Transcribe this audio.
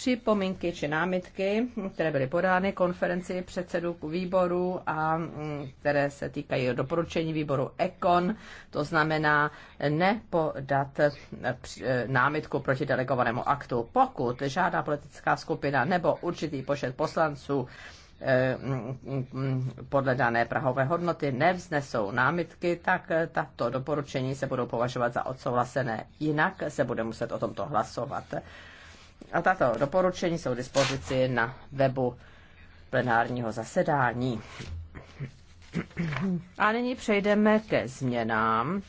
připomínky či námitky, které byly podány konferenci předsedů výboru a mm, které se týkají doporučení výboru ECON, to znamená nepodat eh, eh, námitku proti delegovanému aktu. Pokud žádá politická skupina nebo určitý počet poslanců eh, mm, mm, podle dané prahové hodnoty nevznesou námitky, tak tato doporučení se budou považovat za odsouhlasené. Jinak se bude muset o tomto hlasovat. A tato doporučení jsou dispozici na webu plenárního zasedání. A nyní přejdeme ke změnám.